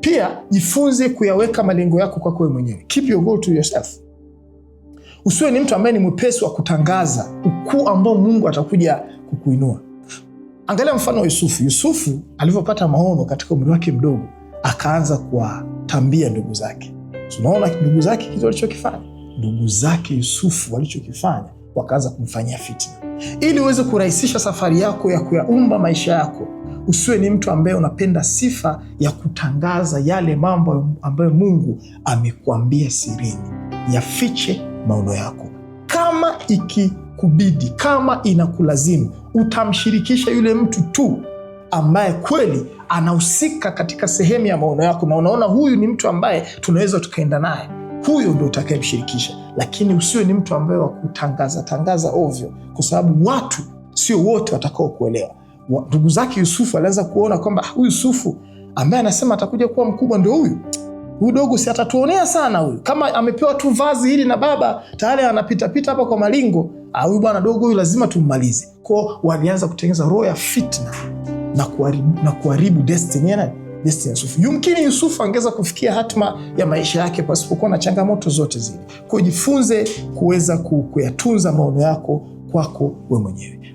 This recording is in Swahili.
Pia jifunze kuyaweka malengo yako kwako wewe mwenyewe. Keep your goal to yourself. Usiwe ni mtu ambaye ni mwepesi wa kutangaza ukuu ambao Mungu atakuja kukuinua. Angalia mfano wa Yusufu. Yusufu alivyopata maono katika umri wake mdogo, akaanza kuwatambia ndugu zake. Tunaona ndugu zake kitu walichokifanya, ndugu zake Yusufu walichokifanya, wakaanza kumfanyia fitina. Ili uweze kurahisisha safari yako ya kuyaumba maisha yako usiwe ni mtu ambaye unapenda sifa ya kutangaza yale mambo ambayo Mungu amekuambia sirini. Yafiche maono yako, kama ikikubidi, kama inakulazimu, utamshirikisha yule mtu tu ambaye kweli anahusika katika sehemu ya maono yako, na unaona huyu ni mtu ambaye tunaweza tukaenda naye, huyo ndio utakayemshirikisha. Lakini usiwe ni mtu ambaye wakutangaza tangaza ovyo, kwa sababu watu sio wote watakaokuelewa ndugu zake Yusufu alianza kuona kwamba ah, huyu Yusufu ambaye anasema atakuja kuwa mkubwa ndio huyu huyu dogo, si atatuonea sana huyu, kama amepewa tu vazi hili na baba tayari anapitapita hapa kwa malingo. Ah, huyu bwana dogo huyu lazima tummalize. Kwao walianza kutengeneza roho ya fitna na kuharibu, na kuharibu destiny ya destiny Yusufu. Yumkini Yusufu angeweza kufikia hatima ya maisha yake pasipokuwa na changamoto zote zile. Kwa jifunze kuweza kuyatunza maono yako kwako wewe mwenyewe.